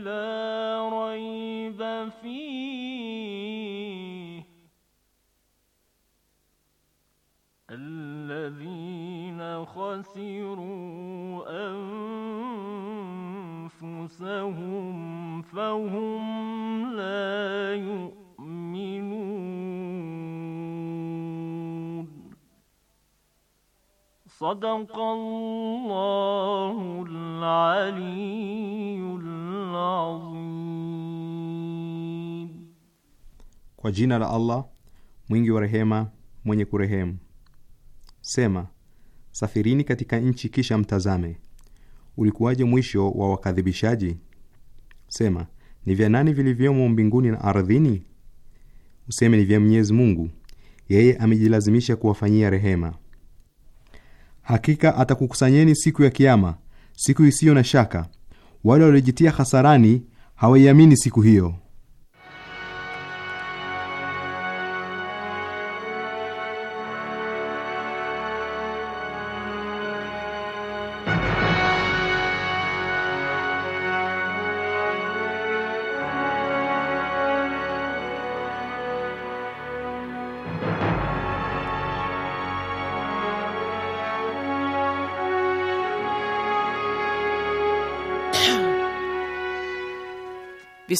لا ريب فيه الذين خسروا أنفسهم فهم لا يؤمنون صدق الله العليم azim. Kwa jina la Allah mwingi wa rehema, mwenye kurehemu. Sema, safirini katika nchi kisha mtazame, ulikuwaje mwisho wa wakadhibishaji? Sema, ni vya nani vilivyomo mbinguni na ardhini? Useme ni vya Mwenyezi Mungu, yeye amejilazimisha kuwafanyia rehema. Hakika atakukusanyeni siku ya kiama siku isiyo na shaka wale waliojitia hasarani hawaiamini siku hiyo.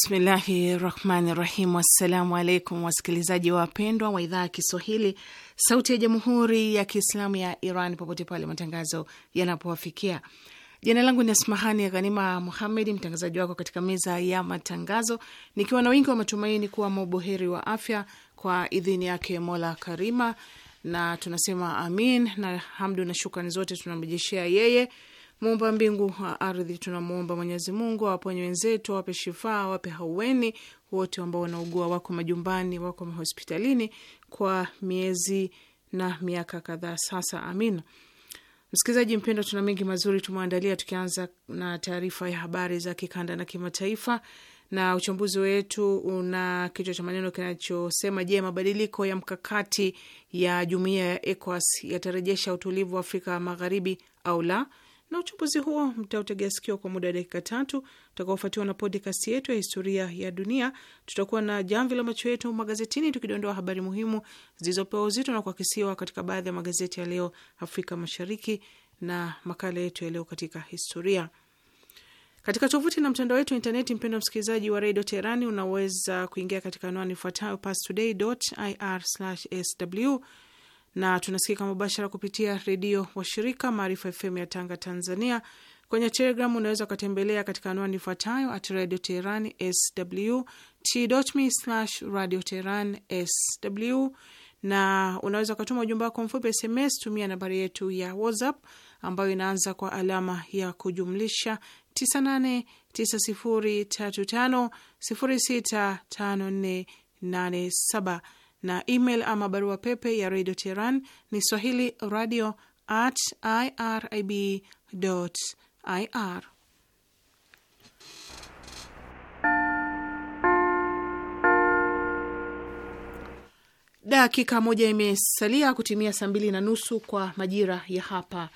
Bismillahi rahmani rahim. Wassalamu alaikum wasikilizaji wapendwa wa idhaa ya Kiswahili sauti ya jamhuri ya Kiislamu ya Iran popote pale matangazo yanapowafikia. Jina langu ni Asmahani Ghanima Muhamedi, mtangazaji wako katika meza ya matangazo, nikiwa na wingi wa matumaini kuwa mauboheri wa afya kwa idhini yake Mola Karima, na tunasema amin na hamdu na shukrani zote tunamrejeshea yeye Muumba mbingu wa ardhi, tunamwomba Mwenyezi Mungu awaponye wenzetu, awape shifaa, awape haueni wote ambao wanaugua, wako majumbani, wako mahospitalini kwa miezi na miaka kadhaa sasa. Amina. Msikilizaji mpendwa, tuna mengi mazuri tumeandalia, tukianza na taarifa ya habari za kikanda na kimataifa, na uchambuzi wetu una kichwa cha maneno kinachosema je, mabadiliko ya mkakati ya jumuiya ya ECOWAS yatarejesha utulivu wa Afrika Magharibi au la? na uchambuzi huo mtautegea sikio kwa muda wa dakika tatu utakaofuatiwa na podcast yetu ya historia ya dunia. Tutakuwa na jamvi la macho yetu magazetini, tukidondoa habari muhimu zilizopewa uzito na kuakisiwa katika baadhi ya magazeti ya leo Afrika Mashariki, na makala yetu ya leo katika historia katika tovuti na mtandao wetu wa intaneti. Mpendwa msikilizaji wa redio Teherani, unaweza kuingia katika anwani ifuatayo pastoday.ir/sw na tunasikika mubashara kupitia redio wa shirika Maarifa FM ya Tanga, Tanzania. Kwenye Telegram unaweza ukatembelea katika anwani ifuatayo at radio teheran sw t.me slash radio teheran sw, na unaweza ukatuma ujumbe wako mfupi SMS. Tumia nambari yetu ya WhatsApp ambayo inaanza kwa alama ya kujumlisha 989035065487 na email ama barua pepe ya redio Teheran ni swahili radio at irib ir. Dakika moja imesalia kutimia saa mbili na nusu kwa majira ya hapa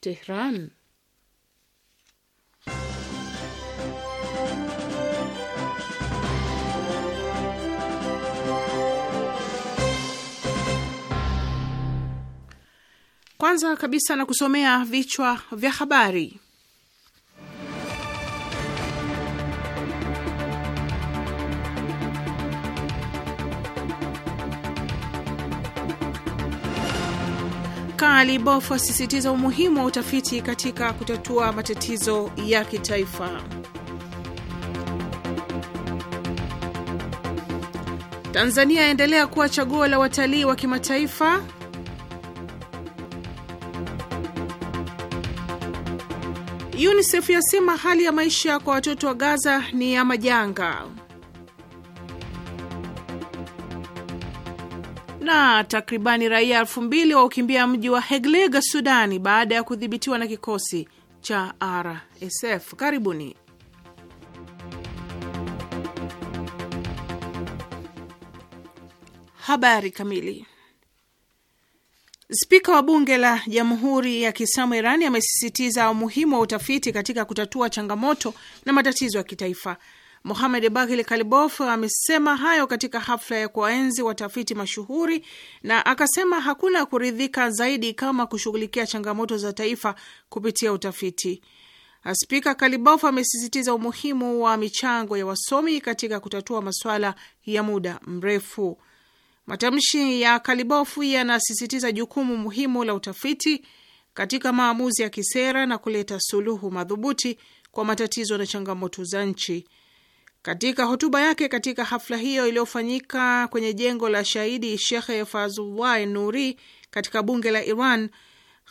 Tehran. Kwanza kabisa na kusomea vichwa vya habari. Kali Bofu asisitiza umuhimu wa utafiti katika kutatua matatizo ya kitaifa. Tanzania yaendelea kuwa chaguo la watalii wa kimataifa UNICEF yasema hali ya maisha kwa watoto wa Gaza ni ya majanga. Na takribani raia elfu mbili waukimbia mji wa Heglega, Sudani, baada ya kudhibitiwa na kikosi cha RSF. Karibuni. Habari kamili. Spika wa bunge la Jamhuri ya Kiislamu Irani amesisitiza umuhimu wa utafiti katika kutatua changamoto na matatizo ya kitaifa. Mohamed Baghil Kalibof amesema hayo katika hafla ya kuwaenzi watafiti mashuhuri, na akasema hakuna kuridhika zaidi kama kushughulikia changamoto za taifa kupitia utafiti. Spika Kalibof amesisitiza umuhimu wa michango ya wasomi katika kutatua masuala ya muda mrefu. Matamshi ya Kalibofu yanasisitiza jukumu muhimu la utafiti katika maamuzi ya kisera na kuleta suluhu madhubuti kwa matatizo na changamoto za nchi. Katika hotuba yake katika hafla hiyo iliyofanyika kwenye jengo la shahidi Shekhe Fazullah Nuri katika bunge la Iran,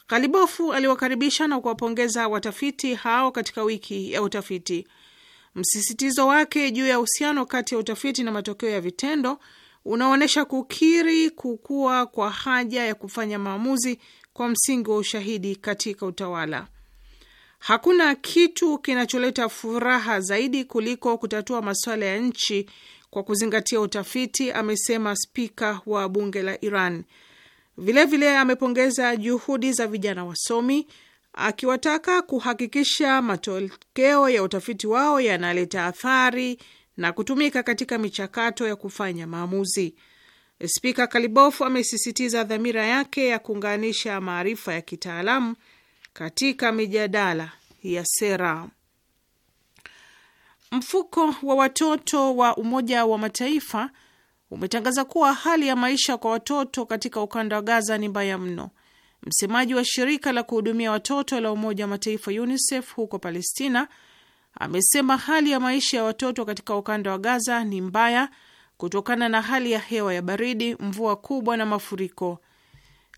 Kalibofu aliwakaribisha na kuwapongeza watafiti hao katika wiki ya utafiti. Msisitizo wake juu ya uhusiano kati ya utafiti na matokeo ya vitendo unaonyesha kukiri kukua kwa haja ya kufanya maamuzi kwa msingi wa ushahidi katika utawala. Hakuna kitu kinacholeta furaha zaidi kuliko kutatua masuala ya nchi kwa kuzingatia utafiti, amesema spika wa bunge la Iran. Vilevile vile amepongeza juhudi za vijana wasomi, akiwataka kuhakikisha matokeo ya utafiti wao yanaleta athari na kutumika katika michakato ya kufanya maamuzi. Spika kalibof amesisitiza dhamira yake ya kuunganisha maarifa ya kitaalamu katika mijadala ya sera. Mfuko wa watoto wa Umoja wa Mataifa umetangaza kuwa hali ya maisha kwa watoto katika ukanda wa Gaza ni mbaya mno. Msemaji wa shirika la kuhudumia watoto la Umoja wa Mataifa UNICEF huko Palestina amesema hali ya maisha ya watoto katika ukanda wa Gaza ni mbaya kutokana na hali ya hewa ya baridi, mvua kubwa na mafuriko.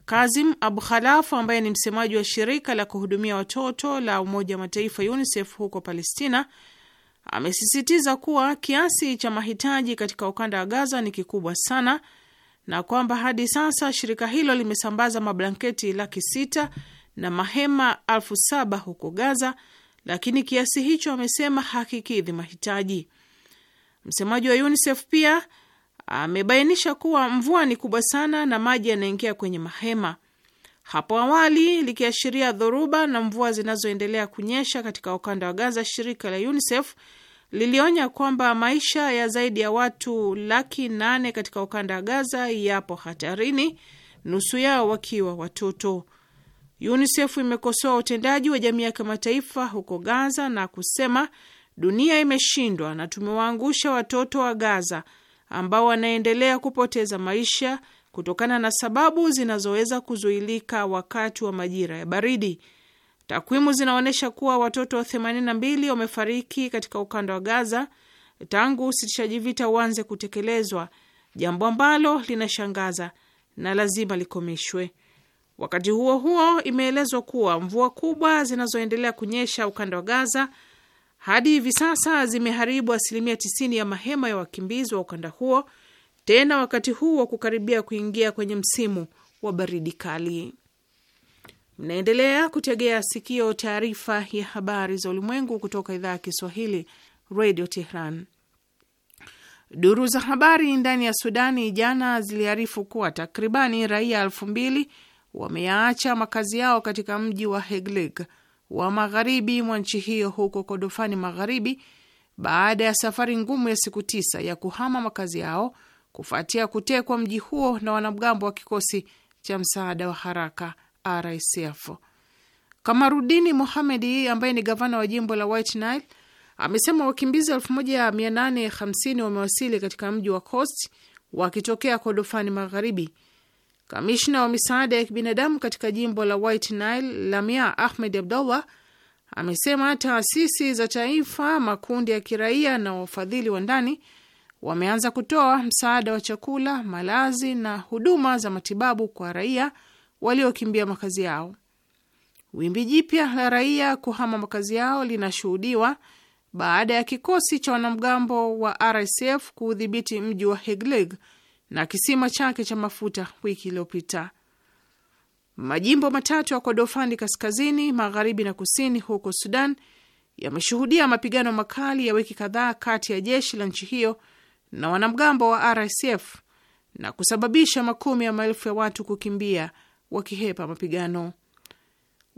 Kazim Abu Khalafu ambaye ni msemaji wa shirika la kuhudumia watoto la Umoja wa Mataifa UNICEF huko Palestina amesisitiza kuwa kiasi cha mahitaji katika ukanda wa Gaza ni kikubwa sana na kwamba hadi sasa shirika hilo limesambaza mablanketi laki sita na mahema alfu saba huko Gaza lakini kiasi hicho amesema hakikidhi mahitaji. Msemaji wa UNICEF pia amebainisha kuwa mvua ni kubwa sana na maji yanaingia kwenye mahema, hapo awali likiashiria dhoruba na mvua zinazoendelea kunyesha katika ukanda wa Gaza. Shirika la UNICEF lilionya kwamba maisha ya zaidi ya watu laki nane katika ukanda wa Gaza yapo hatarini, nusu yao wakiwa watoto. UNICEF imekosoa utendaji wa jamii ya kimataifa huko Gaza na kusema dunia imeshindwa na tumewaangusha watoto wa Gaza ambao wanaendelea kupoteza maisha kutokana na sababu zinazoweza kuzuilika wakati wa majira ya baridi. Takwimu zinaonyesha kuwa watoto 82 wamefariki katika ukanda wa Gaza tangu usitishaji vita uanze kutekelezwa, jambo ambalo linashangaza na lazima likomeshwe. Wakati huo huo, imeelezwa kuwa mvua kubwa zinazoendelea kunyesha ukanda wa Gaza hadi hivi sasa zimeharibu asilimia 90 ya mahema ya wakimbizi wa ukanda huo, tena wakati huu wa kukaribia kuingia kwenye msimu wa baridi kali. Mnaendelea kutegea sikio taarifa ya habari za ulimwengu kutoka idhaa ya Kiswahili, Radio Tehran. Duru za habari ndani ya Sudani jana ziliarifu kuwa takribani raia elfu mbili wameyaacha makazi yao katika mji wa Heglig wa magharibi mwa nchi hiyo huko Kordofani Magharibi, baada ya safari ngumu ya siku tisa ya kuhama makazi yao kufuatia kutekwa mji huo na wanamgambo wa kikosi cha msaada wa haraka RSF. Kamarudini Mohamedi ambaye ni gavana wa jimbo la White Nile amesema wakimbizi 1850 wamewasili katika mji wa Coast wakitokea Kordofani Magharibi Kamishna wa misaada ya kibinadamu katika jimbo la White Nile Lamia Ahmed Abdullah amesema taasisi za taifa, makundi ya kiraia na wafadhili wa ndani wameanza kutoa msaada wa chakula, malazi na huduma za matibabu kwa raia waliokimbia makazi yao. Wimbi jipya la raia kuhama makazi yao linashuhudiwa baada ya kikosi cha wanamgambo wa RSF kuudhibiti mji wa Heglig na kisima chake cha mafuta wiki iliyopita. Majimbo matatu ya Kordofani kaskazini, magharibi na kusini huko Sudan yameshuhudia mapigano makali ya wiki kadhaa kati ya jeshi la nchi hiyo na wanamgambo wa RSF na kusababisha makumi ya maelfu ya watu kukimbia wakihepa mapigano.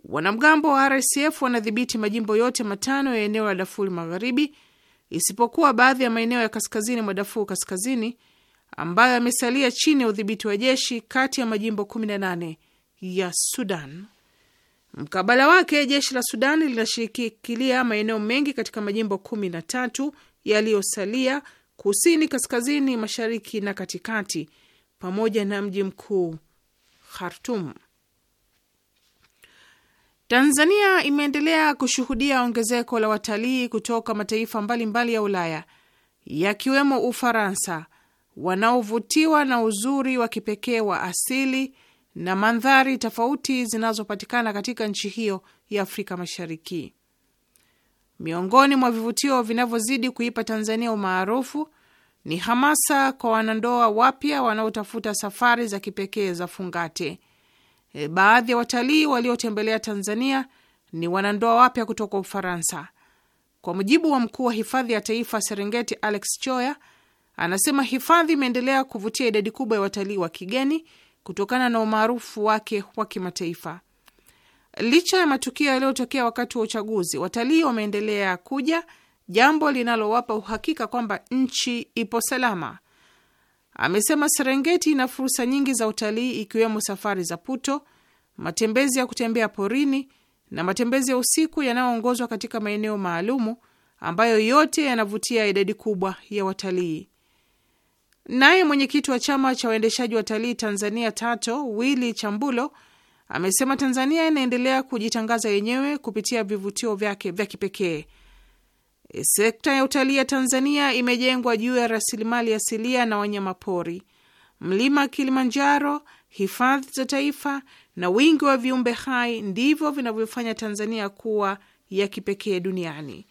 Wanamgambo wa RSF wanadhibiti majimbo yote matano ya eneo la Dafuri magharibi isipokuwa baadhi ya maeneo ya kaskazini mwa Dafur kaskazini ambayo yamesalia chini ya udhibiti wa jeshi kati ya majimbo 18 ya Sudan. Mkabala wake, jeshi la Sudan linashikilia maeneo mengi katika majimbo 13 yaliyosalia kusini, kaskazini, mashariki na katikati, pamoja na mji mkuu Khartum. Tanzania imeendelea kushuhudia ongezeko la watalii kutoka mataifa mbalimbali mbali ya Ulaya yakiwemo Ufaransa, wanaovutiwa na uzuri wa kipekee wa asili na mandhari tofauti zinazopatikana katika nchi hiyo ya Afrika Mashariki. Miongoni mwa vivutio vinavyozidi kuipa Tanzania umaarufu ni hamasa kwa wanandoa wapya wanaotafuta safari za kipekee za fungate. E, baadhi ya watalii waliotembelea Tanzania ni wanandoa wapya kutoka Ufaransa. Kwa mujibu wa mkuu wa hifadhi ya taifa Serengeti Alex Choya, Anasema hifadhi imeendelea kuvutia idadi kubwa ya watalii wa kigeni kutokana na umaarufu wake wa kimataifa. Licha ya matukio yaliyotokea wakati wa uchaguzi, watalii wameendelea kuja, jambo linalowapa uhakika kwamba nchi ipo salama. Amesema Serengeti ina fursa nyingi za utalii, ikiwemo safari za puto, matembezi ya kutembea porini na matembezi ya usiku yanayoongozwa katika maeneo maalumu ambayo yote yanavutia idadi kubwa ya watalii. Naye mwenyekiti wa chama cha waendeshaji watalii Tanzania TATO Willy Chambulo amesema Tanzania inaendelea kujitangaza yenyewe kupitia vivutio vyake vya kipekee. E, sekta ya utalii ya Tanzania imejengwa juu ya rasilimali asilia na wanyamapori, mlima Kilimanjaro, hifadhi za taifa na wingi wa viumbe hai ndivyo vinavyofanya Tanzania kuwa ya kipekee duniani.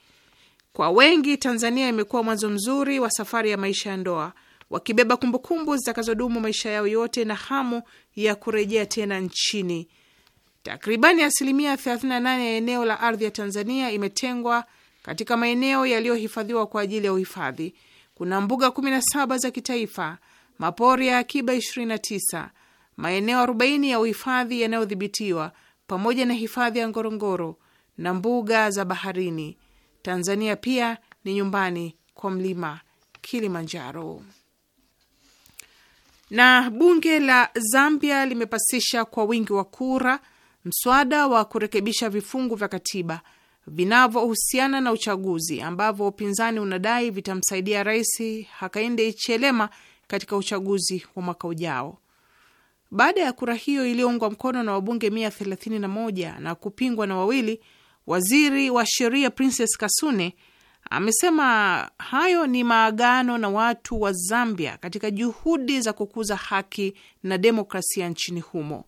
Kwa wengi, Tanzania imekuwa mwanzo mzuri wa safari ya maisha ya ndoa wakibeba kumbukumbu zitakazodumu maisha yao yote na hamu ya kurejea tena nchini. Takribani asilimia 38 ya eneo la ardhi ya Tanzania imetengwa katika maeneo yaliyohifadhiwa kwa ajili ya uhifadhi. Kuna mbuga 17 za kitaifa, mapori ya akiba 29, maeneo 40 ya uhifadhi yanayodhibitiwa pamoja na hifadhi ya Ngorongoro na mbuga za baharini. Tanzania pia ni nyumbani kwa mlima Kilimanjaro. Na bunge la Zambia limepasisha kwa wingi wa kura mswada wa kurekebisha vifungu vya katiba vinavyohusiana na uchaguzi ambavyo upinzani unadai vitamsaidia Rais Hakainde Hichilema katika uchaguzi wa mwaka ujao. Baada ya kura hiyo iliyoungwa mkono na wabunge 131 na kupingwa na wawili, waziri wa sheria Princess Kasune Amesema hayo ni maagano na watu wa Zambia katika juhudi za kukuza haki na demokrasia nchini humo.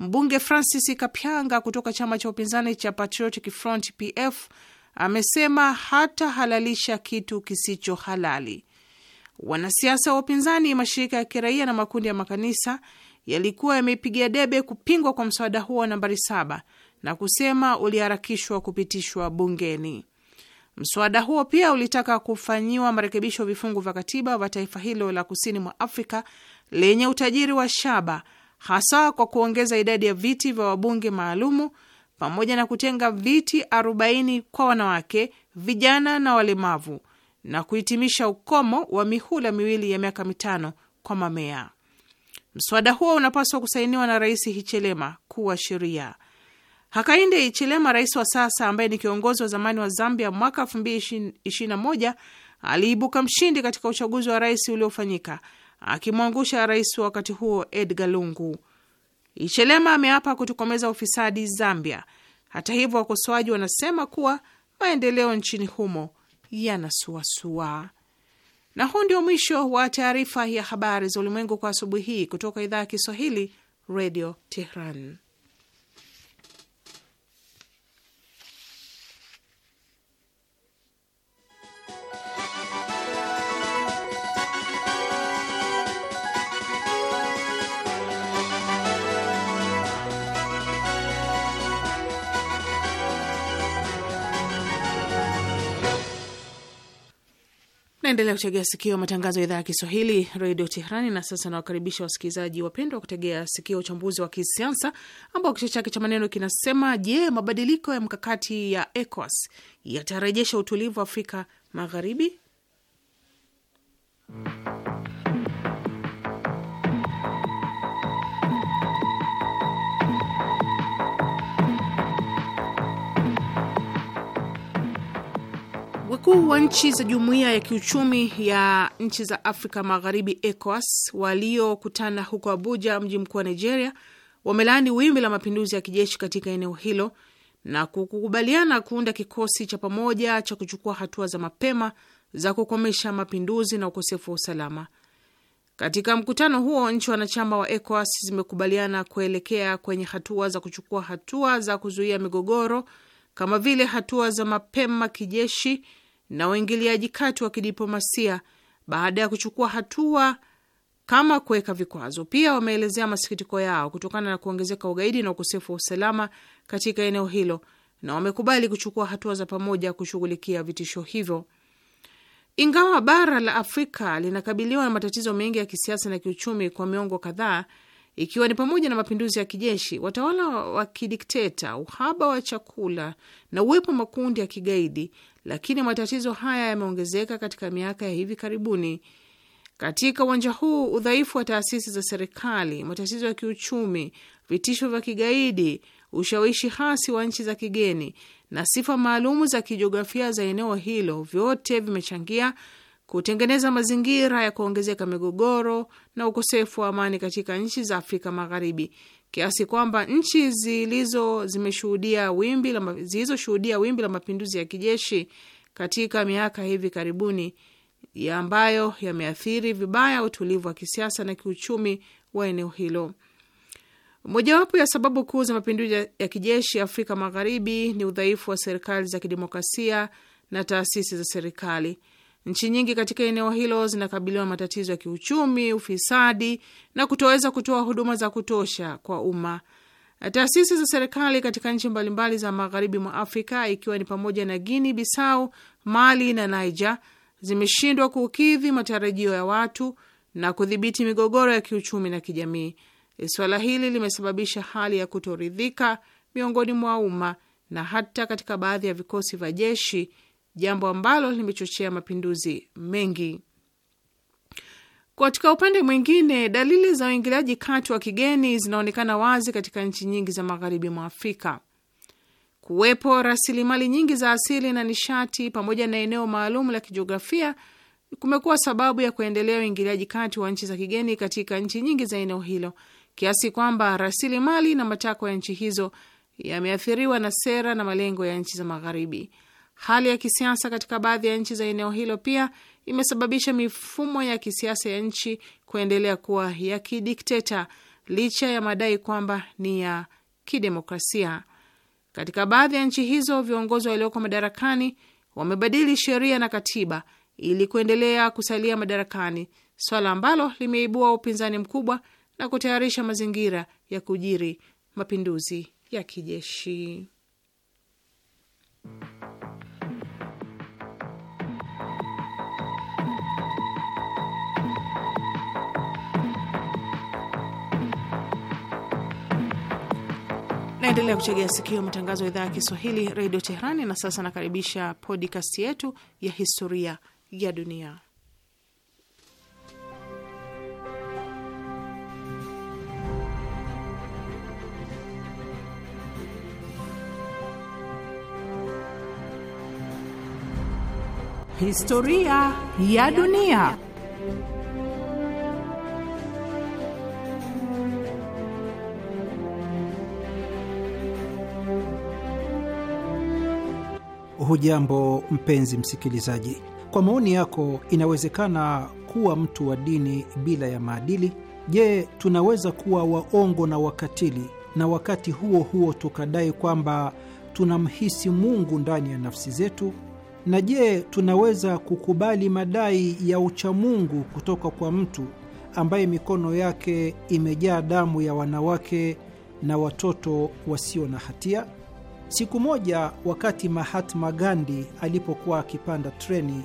Mbunge Francis Kapyanga kutoka chama cha upinzani cha Patriotic Front PF amesema hatahalalisha kitu kisicho halali. Wanasiasa wa upinzani, mashirika ya kiraia na makundi ya makanisa yalikuwa yamepigia debe kupingwa kwa mswada huo nambari saba na kusema uliharakishwa kupitishwa bungeni. Mswada huo pia ulitaka kufanyiwa marekebisho vifungu vya katiba vya taifa hilo la kusini mwa Afrika lenye utajiri wa shaba, hasa kwa kuongeza idadi ya viti vya wabunge maalumu pamoja na kutenga viti 40 kwa wanawake, vijana na walemavu na kuhitimisha ukomo wa mihula miwili ya miaka mitano kwa mamea. Mswada huo unapaswa kusainiwa na Rais Hichelema kuwa sheria. Hakainde Ichilema, rais wa sasa ambaye ni kiongozi wa zamani wa Zambia, mwaka moja aliibuka mshindi katika uchaguzi wa rais uliofanyika akimwangusha rais wa wakati huo Edgar Lungu. ichelema ameapa kutokomeza ufisadi Zambia. Hata hivyo, wakosoaji wanasema kuwa maendeleo nchini humo yanasuasua. Na huu ndio mwisho wa taarifa ya habari za ulimwengu kwa asubuhi hii kutoka idhaa ya Kiswahili, Radio Tehran. Naendelea kutegea sikio matangazo ya idhaa ya Kiswahili redio Tehrani. Na sasa nawakaribisha wasikilizaji wapendwa wa kutegea sikio uchambuzi wa kisiasa ambao kichwa chake cha maneno kinasema: Je, mabadiliko ya mkakati ya ECOWAS yatarejesha utulivu wa Afrika Magharibi? Wakuu wa nchi za jumuiya ya kiuchumi ya nchi za Afrika Magharibi, ECOWAS, waliokutana huko Abuja, mji mkuu wa Nigeria, wamelaani wimbi la mapinduzi ya kijeshi katika eneo hilo na kukubaliana kuunda kikosi cha pamoja cha kuchukua hatua za mapema za kukomesha mapinduzi na ukosefu wa usalama. Katika mkutano huo, nchi wanachama wa ECOWAS zimekubaliana kuelekea kwenye hatua za kuchukua hatua za kuzuia migogoro kama vile hatua za mapema kijeshi na uingiliaji kati wa kidiplomasia baada ya kuchukua hatua kama kuweka vikwazo. Pia wameelezea masikitiko yao kutokana na kuongezeka ugaidi na ukosefu wa usalama katika eneo hilo, na wamekubali kuchukua hatua za pamoja kushughulikia vitisho hivyo. Ingawa bara la Afrika linakabiliwa na matatizo mengi ya kisiasa na kiuchumi kwa miongo kadhaa, ikiwa ni pamoja na mapinduzi ya kijeshi, watawala wa kidikteta, uhaba wa chakula na uwepo makundi ya kigaidi, lakini matatizo haya yameongezeka katika miaka ya hivi karibuni. Katika uwanja huu, udhaifu wa taasisi za serikali, matatizo ya kiuchumi, vitisho vya kigaidi, ushawishi hasi wa nchi za kigeni na sifa maalumu za kijiografia za eneo hilo, vyote vimechangia kutengeneza mazingira ya kuongezeka migogoro na ukosefu wa amani katika nchi za Afrika Magharibi kiasi kwamba nchi zilizo zimeshuhudia wimbi la zilizoshuhudia wimbi la mapinduzi ya kijeshi katika miaka hivi karibuni ya ambayo yameathiri vibaya utulivu wa kisiasa na kiuchumi wa eneo hilo. Mojawapo ya sababu kuu za mapinduzi ya kijeshi Afrika Magharibi ni udhaifu wa serikali za kidemokrasia na taasisi za serikali. Nchi nyingi katika eneo hilo zinakabiliwa matatizo ya kiuchumi, ufisadi na kutoweza kutoa huduma za kutosha kwa umma. Taasisi za serikali katika nchi mbalimbali za magharibi mwa Afrika, ikiwa ni pamoja na Guinea Bissau, Mali na Niger, zimeshindwa kukidhi matarajio ya watu na kudhibiti migogoro ya kiuchumi na kijamii. Suala hili limesababisha hali ya kutoridhika miongoni mwa umma na hata katika baadhi ya vikosi vya jeshi jambo ambalo limechochea mapinduzi mengi. Katika upande mwingine, dalili za uingiliaji kati wa kigeni zinaonekana wazi katika nchi nyingi za magharibi mwa Afrika. Kuwepo rasilimali nyingi za asili na nishati pamoja na eneo maalum la kijiografia kumekuwa sababu ya kuendelea uingiliaji kati wa nchi za kigeni katika nchi nyingi za eneo hilo, kiasi kwamba rasilimali na matakwa ya nchi hizo yameathiriwa na sera na malengo ya nchi za magharibi. Hali ya kisiasa katika baadhi ya nchi za eneo hilo pia imesababisha mifumo ya kisiasa ya nchi kuendelea kuwa ya kidikteta licha ya madai kwamba ni ya kidemokrasia. Katika baadhi ya nchi hizo, viongozi walioko madarakani wamebadili sheria na katiba ili kuendelea kusalia madarakani, swala ambalo limeibua upinzani mkubwa na kutayarisha mazingira ya kujiri mapinduzi ya kijeshi. Naendelea kuchegea sikio matangazo ya idhaa ya Kiswahili redio Teherani. Na sasa nakaribisha podcast yetu ya historia ya dunia, historia ya dunia. Hujambo mpenzi msikilizaji, kwa maoni yako, inawezekana kuwa mtu wa dini bila ya maadili? Je, tunaweza kuwa waongo na wakatili na wakati huo huo tukadai kwamba tunamhisi Mungu ndani ya nafsi zetu? Na je, tunaweza kukubali madai ya uchamungu kutoka kwa mtu ambaye mikono yake imejaa damu ya wanawake na watoto wasio na hatia? Siku moja wakati Mahatma Gandhi alipokuwa akipanda treni,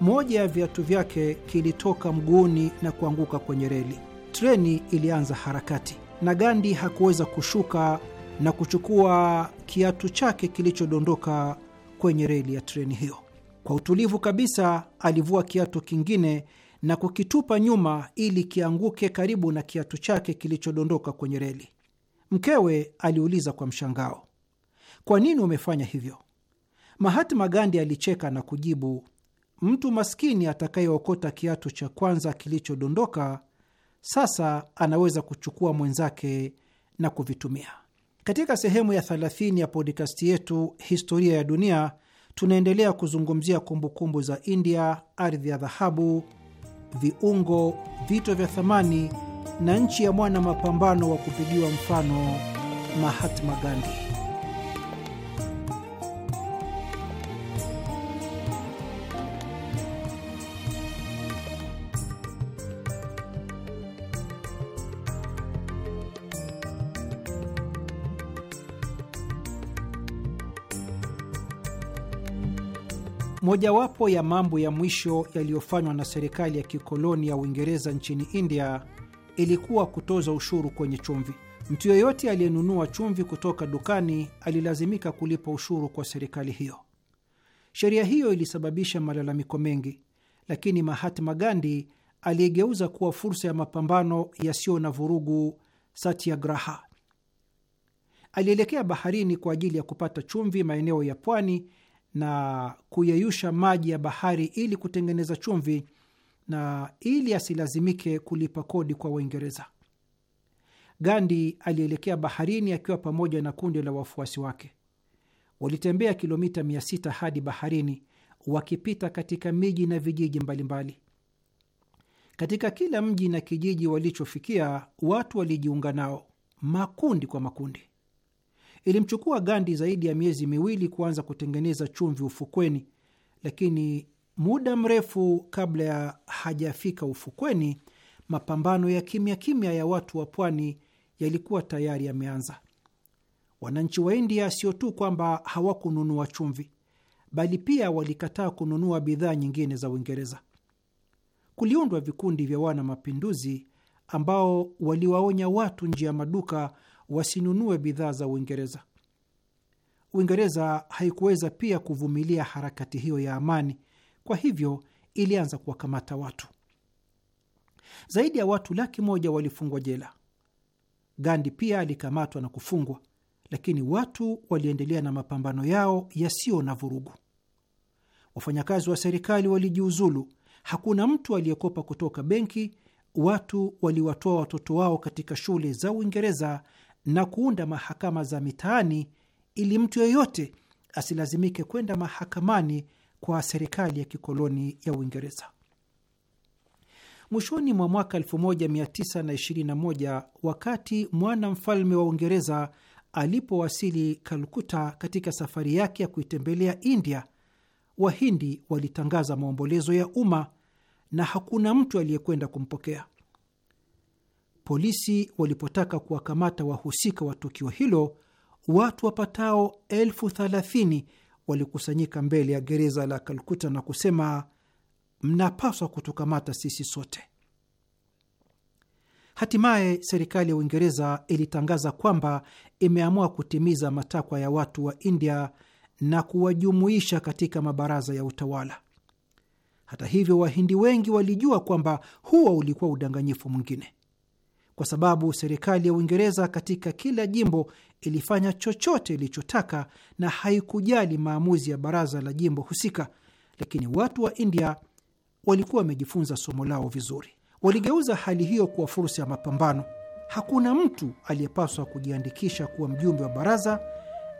moja ya viatu vyake kilitoka mguuni na kuanguka kwenye reli. Treni ilianza harakati na Gandhi hakuweza kushuka na kuchukua kiatu chake kilichodondoka kwenye reli ya treni hiyo. Kwa utulivu kabisa, alivua kiatu kingine na kukitupa nyuma ili kianguke karibu na kiatu chake kilichodondoka kwenye reli. Mkewe aliuliza kwa mshangao, kwa nini umefanya hivyo? Mahatma Gandhi alicheka na kujibu, mtu maskini atakayeokota kiatu cha kwanza kilichodondoka sasa anaweza kuchukua mwenzake na kuvitumia. Katika sehemu ya 30 ya podkasti yetu historia ya dunia, tunaendelea kuzungumzia kumbukumbu -kumbu za India, ardhi ya dhahabu, viungo, vito vya thamani na nchi ya mwana mapambano wa kupigiwa mfano Mahatma Gandhi. Mojawapo ya mambo ya mwisho yaliyofanywa na serikali ya kikoloni ya Uingereza nchini India ilikuwa kutoza ushuru kwenye chumvi. Mtu yeyote aliyenunua chumvi kutoka dukani alilazimika kulipa ushuru kwa serikali hiyo. Sheria hiyo ilisababisha malalamiko mengi, lakini Mahatma Gandhi aliyegeuza kuwa fursa ya mapambano yasiyo na vurugu, satyagraha. Alielekea baharini kwa ajili ya kupata chumvi maeneo ya pwani na kuyeyusha maji ya bahari ili kutengeneza chumvi na ili asilazimike kulipa kodi kwa Waingereza. Gandhi alielekea baharini akiwa pamoja na kundi la wafuasi wake. Walitembea kilomita 600 hadi baharini, wakipita katika miji na vijiji mbalimbali mbali. Katika kila mji na kijiji walichofikia, watu walijiunga nao makundi kwa makundi. Ilimchukua Gandhi zaidi ya miezi miwili kuanza kutengeneza chumvi ufukweni, lakini muda mrefu kabla ya hajafika ufukweni, mapambano ya kimya kimya ya watu wa pwani yalikuwa tayari yameanza. Wananchi wa India sio tu kwamba hawakununua chumvi, bali pia walikataa kununua bidhaa nyingine za Uingereza. Kuliundwa vikundi vya wana mapinduzi ambao waliwaonya watu nje ya maduka wasinunue bidhaa za Uingereza. Uingereza haikuweza pia kuvumilia harakati hiyo ya amani, kwa hivyo ilianza kuwakamata watu. Zaidi ya watu laki moja walifungwa jela. Gandhi pia alikamatwa na kufungwa, lakini watu waliendelea na mapambano yao yasiyo na vurugu. Wafanyakazi wa serikali walijiuzulu, hakuna mtu aliyekopa kutoka benki. Watu waliwatoa watoto wao katika shule za Uingereza na kuunda mahakama za mitaani ili mtu yeyote asilazimike kwenda mahakamani kwa serikali ya kikoloni ya Uingereza. Mwishoni mwa mwaka 1921 wakati mwana mfalme wa Uingereza alipowasili Kalkuta katika safari yake ya kuitembelea India, Wahindi walitangaza maombolezo ya umma na hakuna mtu aliyekwenda kumpokea polisi walipotaka kuwakamata wahusika wa tukio hilo, watu wapatao elfu thalathini walikusanyika mbele ya gereza la Kalkuta na kusema, mnapaswa kutukamata sisi sote. Hatimaye serikali ya Uingereza ilitangaza kwamba imeamua kutimiza matakwa ya watu wa India na kuwajumuisha katika mabaraza ya utawala. Hata hivyo, Wahindi wengi walijua kwamba huo ulikuwa udanganyifu mwingine kwa sababu serikali ya Uingereza katika kila jimbo ilifanya chochote ilichotaka na haikujali maamuzi ya baraza la jimbo husika. Lakini watu wa India walikuwa wamejifunza somo lao vizuri, waligeuza hali hiyo kuwa fursa ya mapambano. Hakuna mtu aliyepaswa kujiandikisha kuwa mjumbe wa baraza,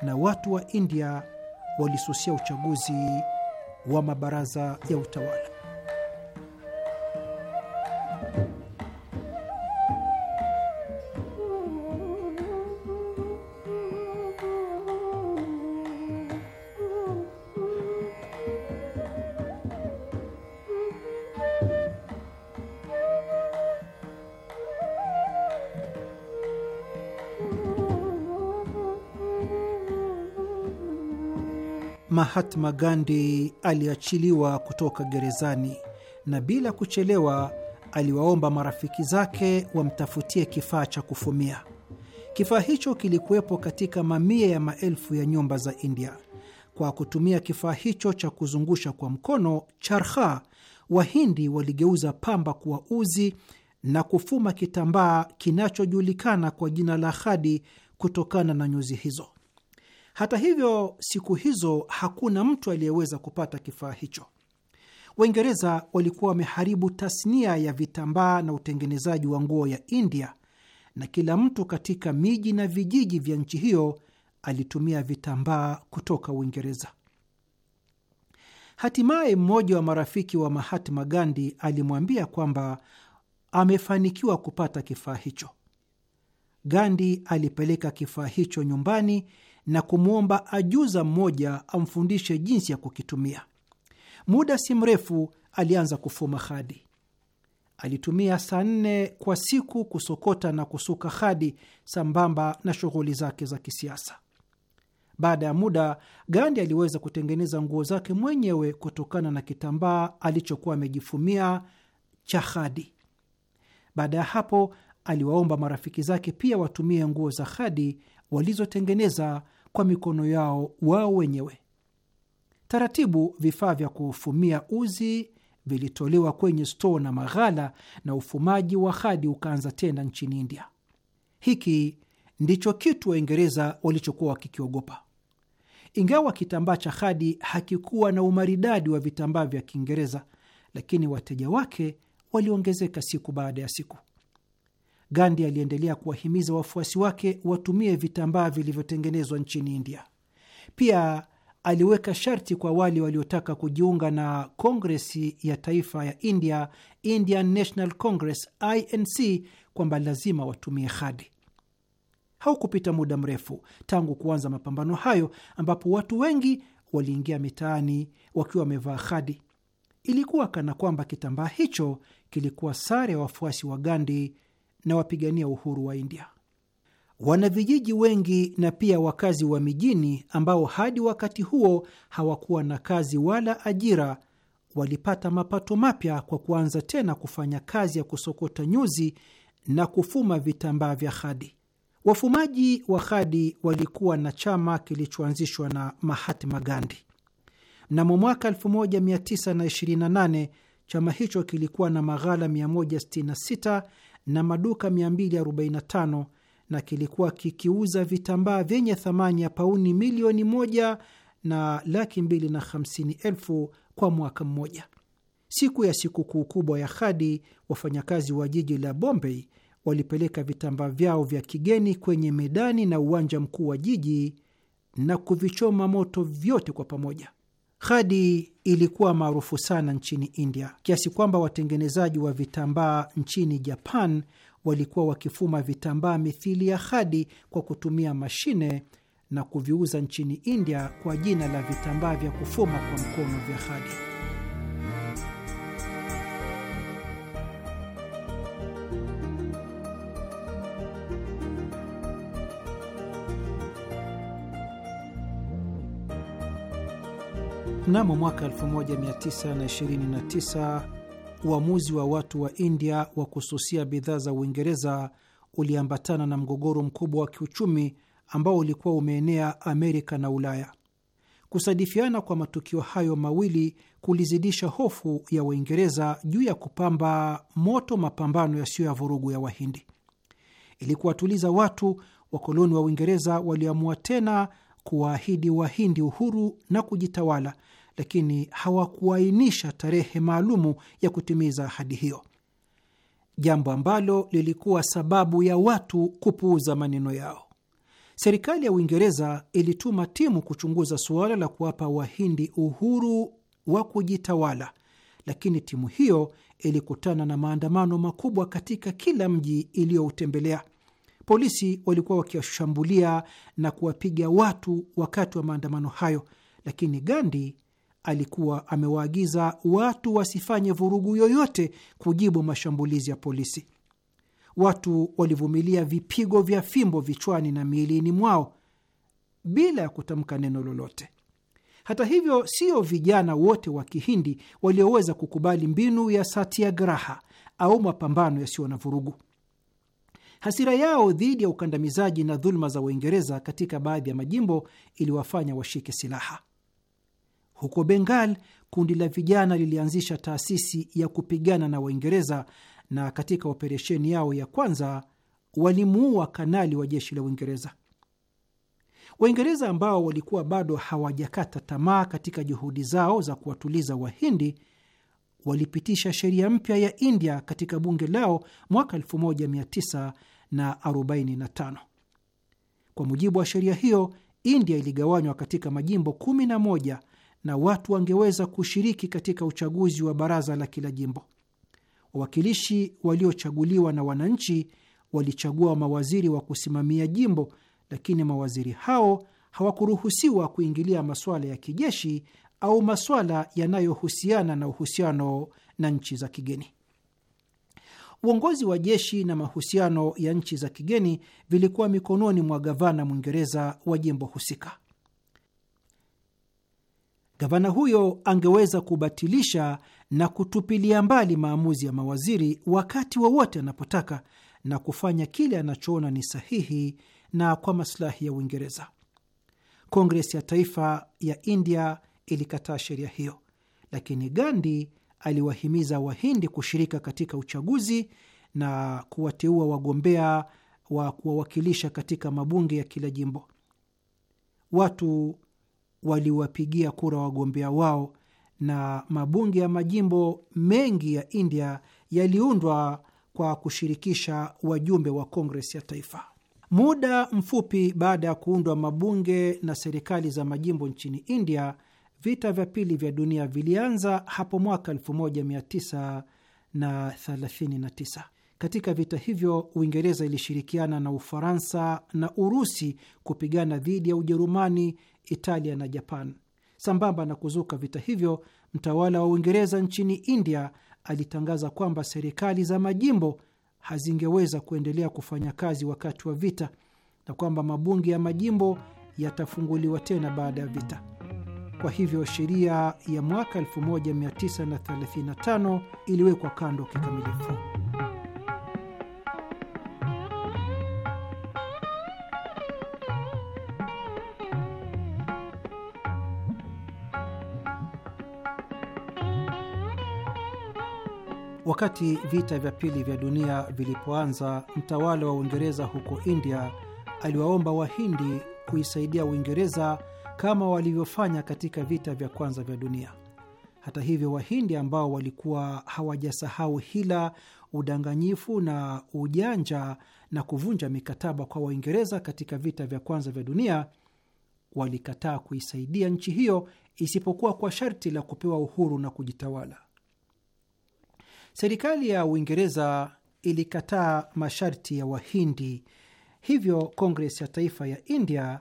na watu wa India walisusia uchaguzi wa mabaraza ya utawala. Mahatma Gandhi aliachiliwa kutoka gerezani na bila kuchelewa aliwaomba marafiki zake wamtafutie kifaa cha kufumia. Kifaa hicho kilikuwepo katika mamia ya maelfu ya nyumba za India. Kwa kutumia kifaa hicho cha kuzungusha kwa mkono charha, Wahindi waligeuza pamba kuwa uzi na kufuma kitambaa kinachojulikana kwa jina la khadi kutokana na nyuzi hizo. Hata hivyo, siku hizo hakuna mtu aliyeweza kupata kifaa hicho. Waingereza walikuwa wameharibu tasnia ya vitambaa na utengenezaji wa nguo ya India, na kila mtu katika miji na vijiji vya nchi hiyo alitumia vitambaa kutoka Uingereza. Hatimaye mmoja wa marafiki wa Mahatma Gandhi alimwambia kwamba amefanikiwa kupata kifaa hicho. Gandhi alipeleka kifaa hicho nyumbani na kumwomba ajuza mmoja amfundishe jinsi ya kukitumia. Muda si mrefu alianza kufuma khadi. Alitumia saa nne kwa siku kusokota na kusuka khadi sambamba na shughuli zake za kisiasa. Baada ya muda, Gandhi aliweza kutengeneza nguo zake mwenyewe kutokana na kitambaa alichokuwa amejifumia cha khadi. Baada ya hapo, aliwaomba marafiki zake pia watumie nguo za khadi walizotengeneza kwa mikono yao wao wenyewe. Taratibu vifaa vya kufumia uzi vilitolewa kwenye stoo na maghala na ufumaji wa khadi ukaanza tena nchini India. Hiki ndicho kitu Waingereza walichokuwa wakikiogopa. Ingawa kitambaa cha khadi hakikuwa na umaridadi wa vitambaa vya Kiingereza, lakini wateja wake waliongezeka siku baada ya siku. Gandhi aliendelea kuwahimiza wafuasi wake watumie vitambaa vilivyotengenezwa nchini India. Pia aliweka sharti kwa wale waliotaka kujiunga na kongresi ya taifa ya India, Indian National Congress, INC, kwamba lazima watumie khadi. Haukupita muda mrefu tangu kuanza mapambano hayo, ambapo watu wengi waliingia mitaani wakiwa wamevaa khadi. Ilikuwa kana kwamba kitambaa hicho kilikuwa sare ya wafuasi wa Gandhi na wapigania uhuru wa India. Wanavijiji wengi na pia wakazi wa mijini ambao hadi wakati huo hawakuwa na kazi wala ajira, walipata mapato mapya kwa kuanza tena kufanya kazi ya kusokota nyuzi na kufuma vitambaa vya khadi. Wafumaji wa khadi walikuwa na chama kilichoanzishwa na Mahatma Gandhi. Mnamo mwaka 1928 chama hicho kilikuwa na maghala 166 na maduka 245 na kilikuwa kikiuza vitambaa vyenye thamani ya pauni milioni moja na laki mbili na hamsini elfu kwa mwaka mmoja. Siku ya sikukuu kubwa ya Khadi, wafanyakazi wa jiji la Bombay walipeleka vitambaa vyao vya kigeni kwenye medani na uwanja mkuu wa jiji na kuvichoma moto vyote kwa pamoja. Khadi ilikuwa maarufu sana nchini India kiasi kwamba watengenezaji wa vitambaa nchini Japan walikuwa wakifuma vitambaa mithili ya khadi kwa kutumia mashine na kuviuza nchini India kwa jina la vitambaa vya kufuma kwa mkono vya khadi. Mnamo mwaka 1929 uamuzi wa watu wa India wa kususia bidhaa za Uingereza uliambatana na mgogoro mkubwa wa kiuchumi ambao ulikuwa umeenea Amerika na Ulaya. Kusadifiana kwa matukio hayo mawili kulizidisha hofu ya Waingereza juu ya kupamba moto mapambano yasiyo ya vurugu ya Wahindi. Ili kuwatuliza watu, wakoloni wa Uingereza waliamua tena kuwaahidi Wahindi uhuru na kujitawala lakini hawakuainisha tarehe maalumu ya kutimiza ahadi hiyo, jambo ambalo lilikuwa sababu ya watu kupuuza maneno yao. Serikali ya Uingereza ilituma timu kuchunguza suala la kuwapa Wahindi uhuru wa kujitawala, lakini timu hiyo ilikutana na maandamano makubwa katika kila mji iliyoutembelea. Polisi walikuwa wakiwashambulia na kuwapiga watu wakati wa maandamano hayo, lakini Gandhi alikuwa amewaagiza watu wasifanye vurugu yoyote kujibu mashambulizi ya polisi. Watu walivumilia vipigo vya fimbo vichwani na miilini mwao bila ya kutamka neno lolote. Hata hivyo, sio vijana wote wa Kihindi walioweza kukubali mbinu ya satyagraha au mapambano yasiyo na vurugu. Hasira yao dhidi ya ukandamizaji na dhuluma za Uingereza katika baadhi ya majimbo iliwafanya washike silaha. Huko Bengal, kundi la vijana lilianzisha taasisi ya kupigana na Waingereza, na katika operesheni yao ya kwanza walimuua kanali wa jeshi la Uingereza. Waingereza ambao walikuwa bado hawajakata tamaa katika juhudi zao za kuwatuliza Wahindi walipitisha sheria mpya ya India katika bunge lao mwaka 1945. Kwa mujibu wa sheria hiyo, India iligawanywa katika majimbo 11 na watu wangeweza kushiriki katika uchaguzi wa baraza la kila jimbo. Wawakilishi waliochaguliwa na wananchi walichagua mawaziri wa kusimamia jimbo, lakini mawaziri hao hawakuruhusiwa kuingilia masuala ya kijeshi au masuala yanayohusiana na uhusiano na nchi za kigeni. Uongozi wa jeshi na mahusiano ya nchi za kigeni vilikuwa mikononi mwa gavana Mwingereza wa jimbo husika gavana huyo angeweza kubatilisha na kutupilia mbali maamuzi ya mawaziri wakati wowote wa anapotaka na kufanya kile anachoona ni sahihi na kwa masilahi ya Uingereza. kongres ya Taifa ya India ilikataa sheria hiyo, lakini Gandhi aliwahimiza Wahindi kushirika katika uchaguzi na kuwateua wagombea wa kuwawakilisha katika mabunge ya kila jimbo. Watu waliwapigia kura wagombea wao na mabunge ya majimbo mengi ya India yaliundwa kwa kushirikisha wajumbe wa Kongres ya Taifa. Muda mfupi baada ya kuundwa mabunge na serikali za majimbo nchini India, vita vya pili vya dunia vilianza hapo mwaka 1939. Katika vita hivyo Uingereza ilishirikiana na Ufaransa na Urusi kupigana dhidi ya Ujerumani Italia na Japan. Sambamba na kuzuka vita hivyo, mtawala wa Uingereza nchini India alitangaza kwamba serikali za majimbo hazingeweza kuendelea kufanya kazi wakati wa vita na kwamba mabunge ya majimbo yatafunguliwa tena baada ya vita. Kwa hivyo sheria ya mwaka 1935 iliwekwa kando kikamilifu. Wakati vita vya pili vya dunia vilipoanza, mtawala wa Uingereza huko India aliwaomba Wahindi kuisaidia Uingereza kama walivyofanya katika vita vya kwanza vya dunia. Hata hivyo, Wahindi ambao walikuwa hawajasahau hila, udanganyifu na ujanja na kuvunja mikataba kwa Waingereza katika vita vya kwanza vya dunia walikataa kuisaidia nchi hiyo isipokuwa kwa sharti la kupewa uhuru na kujitawala. Serikali ya Uingereza ilikataa masharti ya Wahindi, hivyo Kongres ya Taifa ya India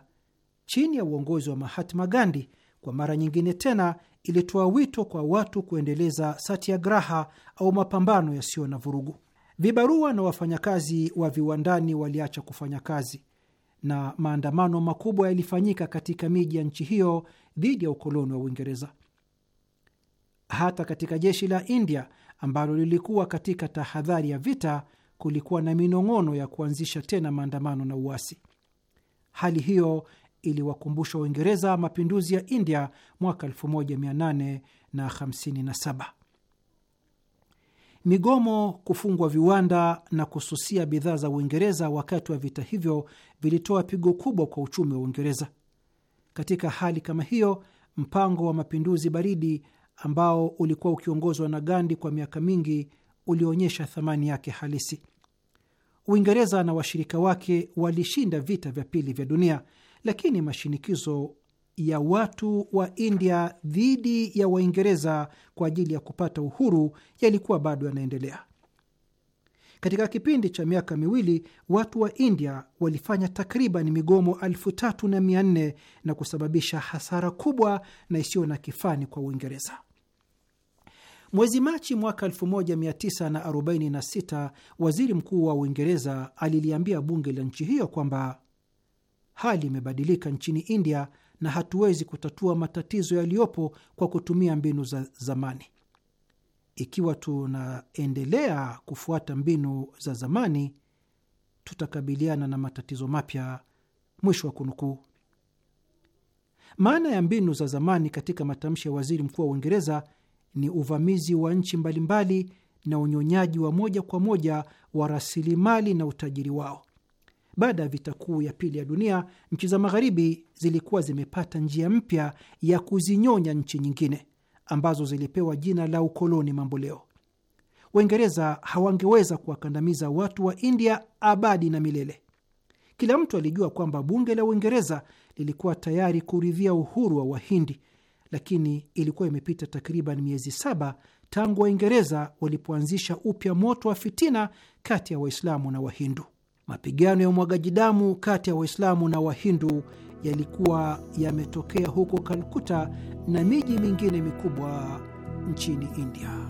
chini ya uongozi wa Mahatma Gandhi kwa mara nyingine tena ilitoa wito kwa watu kuendeleza satyagraha au mapambano yasiyo na vurugu. Vibarua na wafanyakazi wa viwandani waliacha kufanya kazi na maandamano makubwa yalifanyika katika miji ya nchi hiyo dhidi ya ukoloni wa Uingereza. Hata katika jeshi la India ambalo lilikuwa katika tahadhari ya vita, kulikuwa na minong'ono ya kuanzisha tena maandamano na uasi. Hali hiyo iliwakumbusha Uingereza mapinduzi ya India mwaka 1857. Migomo, kufungwa viwanda na kususia bidhaa za Uingereza wakati wa vita hivyo vilitoa pigo kubwa kwa uchumi wa Uingereza. Katika hali kama hiyo, mpango wa mapinduzi baridi ambao ulikuwa ukiongozwa na Gandhi kwa miaka mingi ulionyesha thamani yake halisi. Uingereza na washirika wake walishinda vita vya pili vya dunia, lakini mashinikizo ya watu wa India dhidi ya Waingereza kwa ajili ya kupata uhuru yalikuwa bado yanaendelea. Katika kipindi cha miaka miwili watu wa India walifanya takriban migomo elfu tatu na mia nne na kusababisha hasara kubwa na isiyo na kifani kwa Uingereza. Mwezi Machi mwaka 1946 waziri mkuu wa Uingereza aliliambia bunge la nchi hiyo kwamba hali imebadilika nchini India na hatuwezi kutatua matatizo yaliyopo kwa kutumia mbinu za zamani. Ikiwa tunaendelea kufuata mbinu za zamani, tutakabiliana na matatizo mapya. Mwisho wa kunukuu. Maana ya mbinu za zamani katika matamshi ya waziri mkuu wa Uingereza ni uvamizi wa nchi mbalimbali na unyonyaji wa moja kwa moja wa rasilimali na utajiri wao. Baada ya vita kuu ya pili ya dunia, nchi za magharibi zilikuwa zimepata njia mpya ya kuzinyonya nchi nyingine ambazo zilipewa jina la ukoloni mamboleo. Waingereza hawangeweza kuwakandamiza watu wa India abadi na milele. Kila mtu alijua kwamba bunge la Uingereza lilikuwa tayari kuridhia uhuru wa Wahindi lakini ilikuwa imepita takriban miezi saba tangu Waingereza walipoanzisha upya moto wa fitina kati ya Waislamu na Wahindu. Mapigano ya umwagaji damu kati ya Waislamu na Wahindu yalikuwa yametokea huko Kalkuta na miji mingine mikubwa nchini India.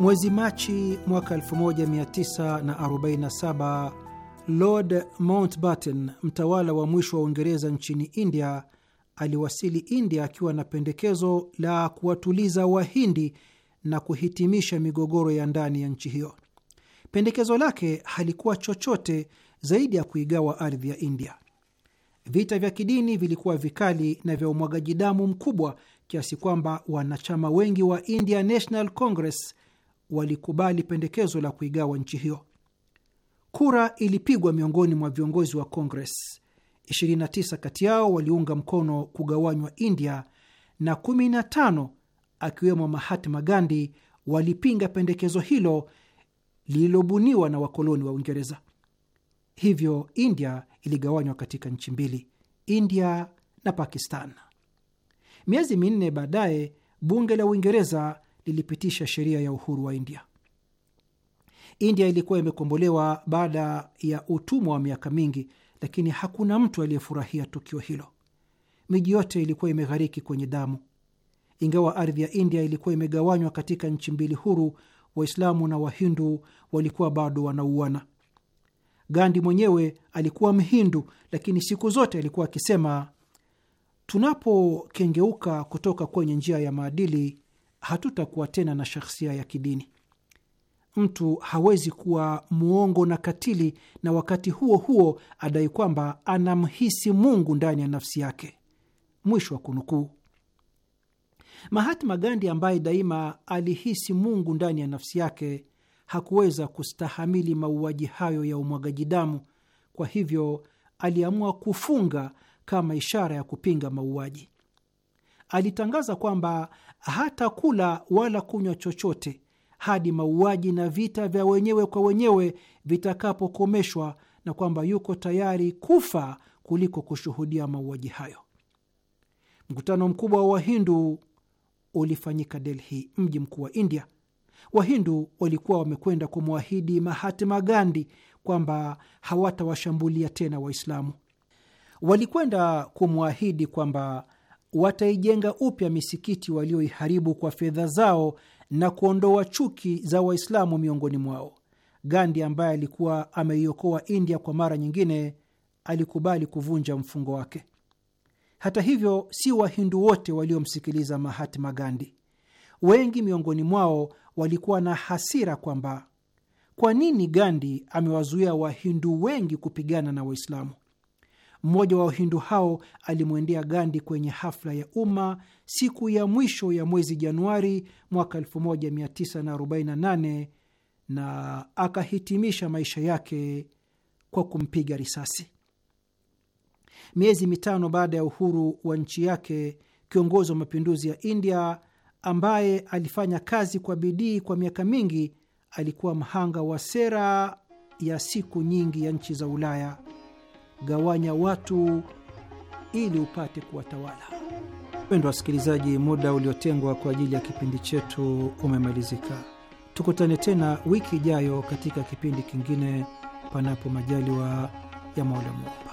Mwezi Machi mwaka 1947 Lord Mountbatten, mtawala wa mwisho wa Uingereza nchini India, aliwasili India akiwa na pendekezo la kuwatuliza Wahindi na kuhitimisha migogoro ya ndani ya nchi hiyo. Pendekezo lake halikuwa chochote zaidi ya kuigawa ardhi ya India. Vita vya kidini vilikuwa vikali na vya umwagaji damu mkubwa kiasi kwamba wanachama wengi wa India National Congress walikubali pendekezo la kuigawa nchi hiyo. Kura ilipigwa miongoni mwa viongozi wa Kongres. 29 kati yao waliunga mkono kugawanywa India na 15 akiwemo Mahatma Gandhi walipinga pendekezo hilo lililobuniwa na wakoloni wa Uingereza. Hivyo India iligawanywa katika nchi mbili, India na Pakistan. Miezi minne baadaye bunge la Uingereza lilipitisha sheria ya uhuru wa India. India ilikuwa imekombolewa baada ya utumwa wa miaka mingi, lakini hakuna mtu aliyefurahia tukio hilo. Miji yote ilikuwa imeghariki kwenye damu. Ingawa ardhi ya India ilikuwa imegawanywa katika nchi mbili huru, Waislamu na Wahindu walikuwa bado wanauana. Gandhi mwenyewe alikuwa Mhindu, lakini siku zote alikuwa akisema, tunapokengeuka kutoka kwenye njia ya maadili, hatutakuwa tena na shakhsia ya kidini. Mtu hawezi kuwa mwongo na katili na wakati huo huo adai kwamba anamhisi Mungu ndani ya nafsi yake. Mwisho wa kunukuu. Mahatma Gandhi ambaye daima alihisi Mungu ndani ya nafsi yake hakuweza kustahamili mauaji hayo ya umwagaji damu, kwa hivyo aliamua kufunga kama ishara ya kupinga mauaji alitangaza kwamba hata kula wala kunywa chochote hadi mauaji na vita vya wenyewe kwa wenyewe vitakapokomeshwa na kwamba yuko tayari kufa kuliko kushuhudia mauaji hayo. Mkutano mkubwa wa Wahindu ulifanyika Delhi, mji mkuu wa India. Wahindu walikuwa wamekwenda kumwahidi Mahatma Gandhi kwamba hawatawashambulia tena Waislamu. Walikwenda kumwahidi kwamba wataijenga upya misikiti walioiharibu kwa fedha zao na kuondoa chuki za Waislamu miongoni mwao. Gandhi ambaye alikuwa ameiokoa India kwa mara nyingine alikubali kuvunja mfungo wake. Hata hivyo, si Wahindu wote waliomsikiliza Mahatma Gandhi. Wengi miongoni mwao walikuwa na hasira kwamba kwa nini Gandhi amewazuia Wahindu wengi kupigana na Waislamu. Mmoja wa Wahindu hao alimwendea Gandhi kwenye hafla ya umma siku ya mwisho ya mwezi Januari mwaka 1948 na akahitimisha maisha yake kwa kumpiga risasi. Miezi mitano baada ya uhuru wa nchi yake, kiongozi wa mapinduzi ya India ambaye alifanya kazi kwa bidii kwa miaka mingi alikuwa mhanga wa sera ya siku nyingi ya nchi za Ulaya gawanya watu ili upate kuwatawala. Wapendwa wasikilizaji, muda uliotengwa kwa ajili ya kipindi chetu umemalizika. Tukutane tena wiki ijayo katika kipindi kingine, panapo majaliwa ya Mola Muumba.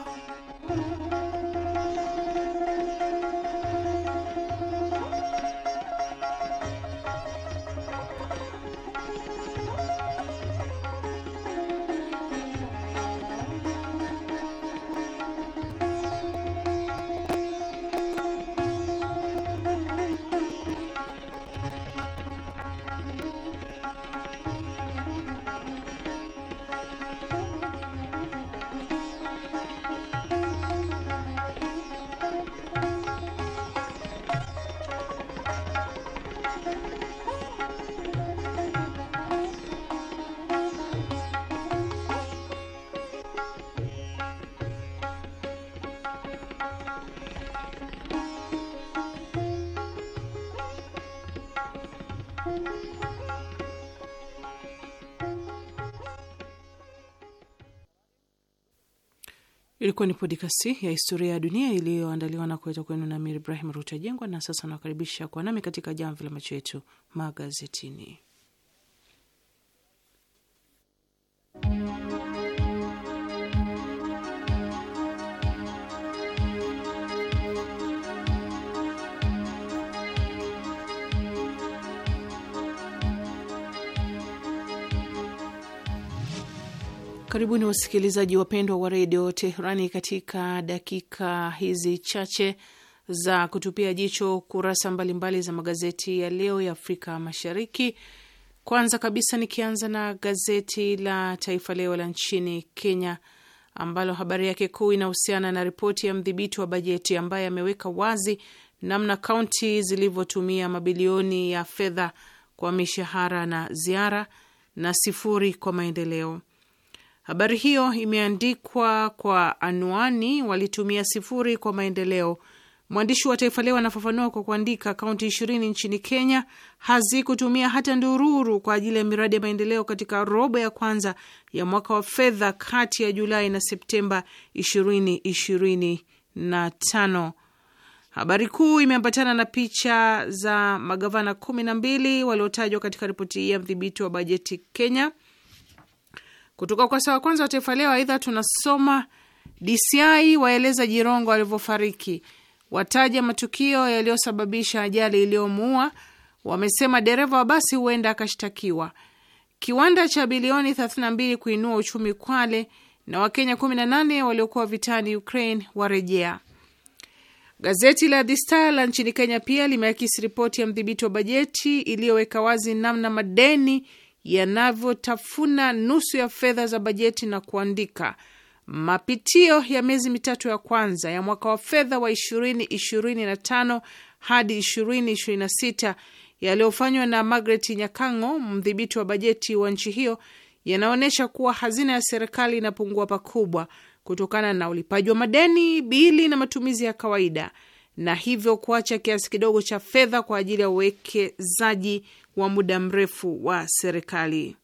Ilikuwa ni podikasi ya historia ya dunia iliyoandaliwa na kuweta kwenu namir Ibrahim Rutajengwa, na sasa nawakaribisha kwa nami katika jamvi la macho yetu magazetini. wasikilizaji wapendwa wa redio Teherani, katika dakika hizi chache za kutupia jicho kurasa mbalimbali za magazeti ya leo ya Afrika Mashariki. Kwanza kabisa nikianza na gazeti la Taifa Leo la nchini Kenya, ambalo habari yake kuu inahusiana na ripoti ya mdhibiti wa bajeti ambaye ameweka wazi namna kaunti zilivyotumia mabilioni ya fedha kwa mishahara na ziara na sifuri kwa maendeleo. Habari hiyo imeandikwa kwa anwani walitumia sifuri kwa maendeleo. Mwandishi wa Taifa Leo anafafanua kwa kuandika, kaunti ishirini nchini Kenya hazikutumia hata ndururu kwa ajili ya miradi ya maendeleo katika robo ya kwanza ya mwaka wa fedha kati ya Julai na Septemba ishirini ishirini na tano. Habari kuu imeambatana na picha za magavana kumi na mbili waliotajwa katika ripoti hii ya mdhibiti wa bajeti Kenya. Kutoka ukurasa wa kwanza wa Taifa Leo. Aidha tunasoma DCI waeleza Jirongo alivyofariki, wataja matukio yaliyosababisha ajali iliyomuua. Wamesema dereva wa basi huenda akashtakiwa. Kiwanda cha bilioni 32 kuinua uchumi Kwale, na Wakenya 18 waliokuwa vitani Ukraine warejea. Gazeti la The Star la nchini Kenya pia limeakisi ripoti ya mdhibiti wa bajeti iliyoweka wazi namna madeni yanavyotafuna nusu ya fedha za bajeti na kuandika mapitio ya miezi mitatu ya kwanza ya mwaka wa fedha wa 2025 hadi 2026 yaliyofanywa na Margaret Nyakango, mdhibiti wa bajeti wa nchi hiyo, yanaonyesha kuwa hazina ya serikali inapungua pakubwa kutokana na ulipaji wa madeni, bili na matumizi ya kawaida na hivyo kuacha kiasi kidogo cha fedha kwa ajili ya uwekezaji wa muda mrefu wa serikali.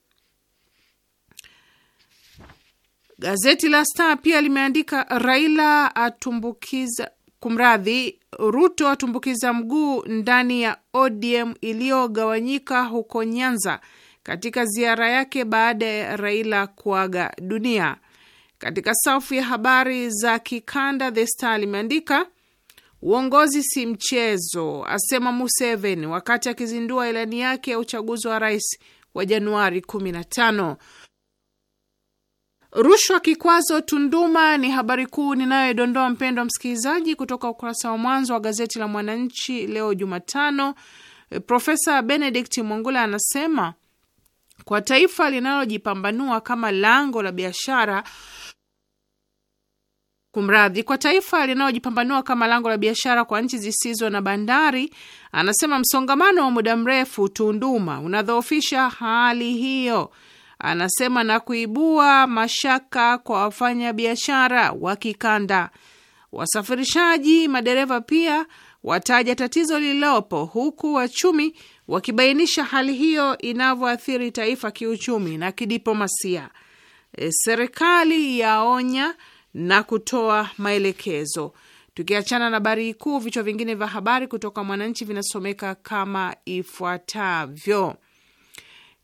Gazeti la Star pia limeandika Raila atumbukiza kumradhi, Ruto atumbukiza mguu ndani ya ODM iliyogawanyika huko Nyanza katika ziara yake baada ya Raila kuaga dunia. Katika safu ya habari za kikanda, The Star limeandika Uongozi si mchezo, asema Museveni wakati akizindua ilani yake ya uchaguzi wa rais wa Januari 15. Rushwa kikwazo Tunduma ni habari kuu ninayodondoa, mpendwa msikilizaji, kutoka ukurasa wa mwanzo wa gazeti la Mwananchi leo Jumatano. Profesa Benedict Mwangula anasema kwa taifa linalojipambanua kama lango la biashara Kumradhi, kwa taifa linalojipambanua kama lango la biashara kwa nchi zisizo na bandari, anasema msongamano wa muda mrefu Tunduma unadhoofisha hali hiyo, anasema na kuibua mashaka kwa wafanyabiashara wa kikanda. Wasafirishaji madereva pia wataja tatizo lililopo, huku wachumi wakibainisha hali hiyo inavyoathiri taifa kiuchumi na kidiplomasia. E, serikali yaonya na kutoa maelekezo. Tukiachana na habari kuu, vichwa vingine vya habari kutoka Mwananchi vinasomeka kama ifuatavyo: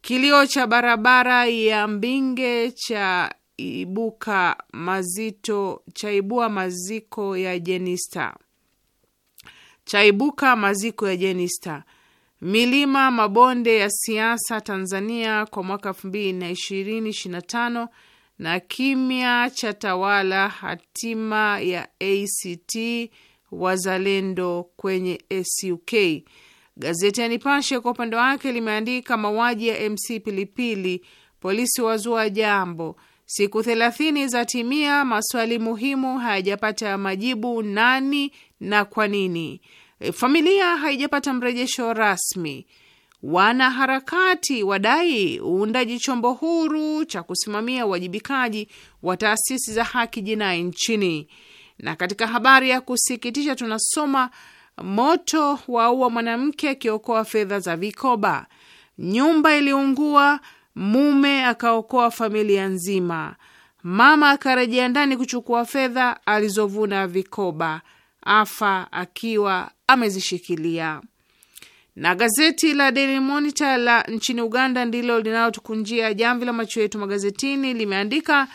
kilio cha barabara ya Mbinge cha ibuka mazito, chaibua maziko ya Jenista, chaibuka maziko ya Jenista. Milima mabonde ya siasa Tanzania kwa mwaka elfu mbili na ishirini ishirini na tano na kimya cha tawala hatima ya ACT Wazalendo kwenye SUK. Gazeti ya Nipashe kwa upande wake limeandika mauaji ya MC Pilipili, polisi wazua jambo, siku thelathini za timia, maswali muhimu hayajapata majibu, nani na kwa nini, e, familia haijapata mrejesho rasmi Wanaharakati wadai uundaji chombo huru cha kusimamia uwajibikaji wa taasisi za haki jinai nchini. Na katika habari ya kusikitisha tunasoma moto waua mwanamke akiokoa fedha za vikoba, nyumba iliungua, mume akaokoa familia nzima, mama akarejea ndani kuchukua fedha alizovuna vikoba, afa akiwa amezishikilia na gazeti la Daily Monitor la nchini Uganda ndilo linalotukunjia jamvi la macho yetu magazetini. Limeandika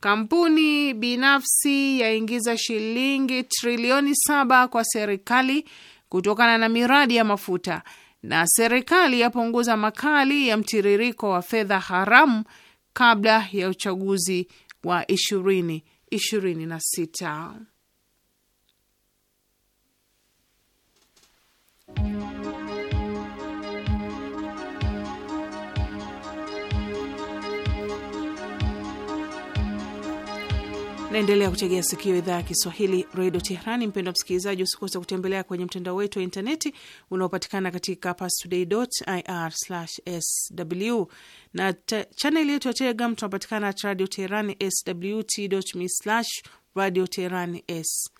kampuni binafsi yaingiza shilingi trilioni saba kwa serikali kutokana na miradi ya mafuta, na serikali yapunguza makali ya mtiririko wa fedha haramu kabla ya uchaguzi wa 2026. Thank you. Naendelea kutegea sikio idhaa ya Kiswahili redio Teherani. Mpendo wa msikilizaji, usikose kutembelea kwenye mtandao wetu wa intaneti unaopatikana katika pastoday.ir/sw na chaneli yetu ya Telegram tunapatikana at radio teherani swt radio teherani sw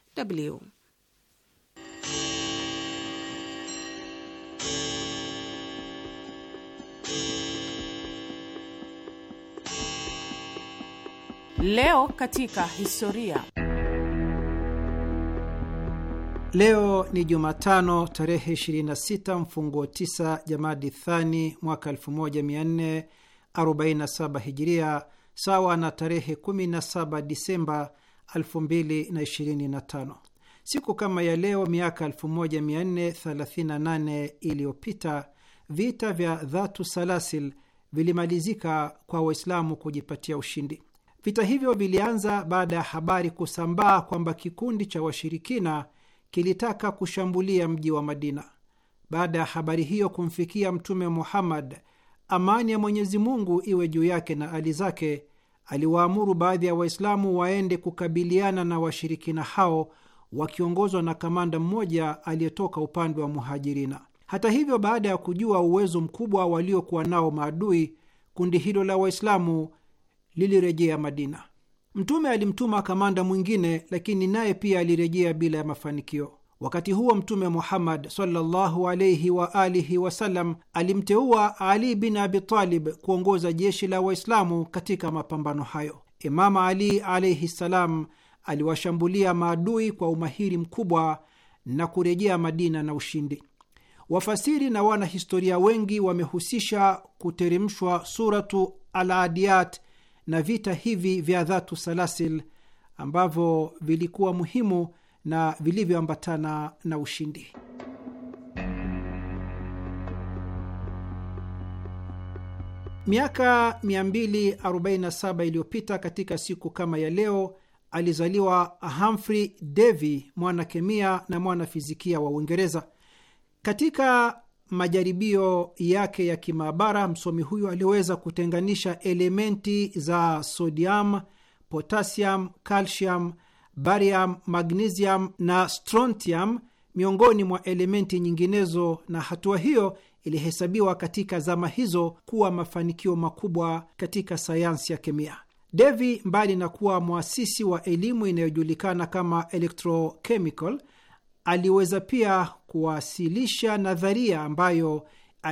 Leo katika historia. Leo ni Jumatano tarehe 26 mfunguo 9 Jamadi Thani mwaka 1447 Hijiria, sawa na tarehe 17 Disemba 2025. Siku kama ya leo miaka 1438 iliyopita vita vya Dhatu Salasil vilimalizika kwa Waislamu kujipatia ushindi. Vita hivyo vilianza baada ya habari kusambaa kwamba kikundi cha washirikina kilitaka kushambulia mji wa Madina. Baada ya habari hiyo kumfikia Mtume Muhammad, amani ya Mwenyezi Mungu iwe juu yake na ali zake, aliwaamuru baadhi ya Waislamu waende kukabiliana na washirikina hao wakiongozwa na kamanda mmoja aliyetoka upande wa Muhajirina. Hata hivyo, baada ya kujua uwezo mkubwa waliokuwa nao maadui, kundi hilo la Waislamu lilirejea Madina. Mtume alimtuma kamanda mwingine, lakini naye pia alirejea bila ya mafanikio. Wakati huo Mtume Muhammad sallallahu wa alihi wasallam alimteua Ali bin Abi Talib kuongoza jeshi la Waislamu katika mapambano hayo. Imamu Ali alaihi ssalam aliwashambulia maadui kwa umahiri mkubwa na kurejea Madina na ushindi. Wafasiri na wanahistoria wengi wamehusisha kuteremshwa Suratu Al Adiyat na vita hivi vya Dhatu Salasil ambavyo vilikuwa muhimu na vilivyoambatana na ushindi. Miaka 247 iliyopita katika siku kama ya leo alizaliwa Humphrey Davy, mwana kemia na mwana fizikia wa Uingereza. Katika majaribio yake ya kimaabara, msomi huyu aliweza kutenganisha elementi za sodium, potassium, calcium, barium, magnesium na strontium miongoni mwa elementi nyinginezo, na hatua hiyo ilihesabiwa katika zama hizo kuwa mafanikio makubwa katika sayansi ya kemia. Devi, mbali na kuwa mwasisi wa elimu inayojulikana kama electrochemical, aliweza pia kuwasilisha nadharia ambayo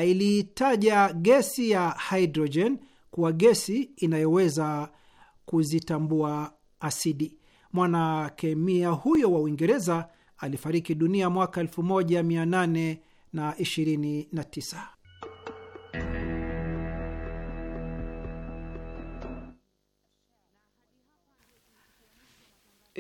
iliitaja gesi ya hidrojeni kuwa gesi inayoweza kuzitambua asidi. Mwanakemia huyo wa Uingereza alifariki dunia mwaka 1829.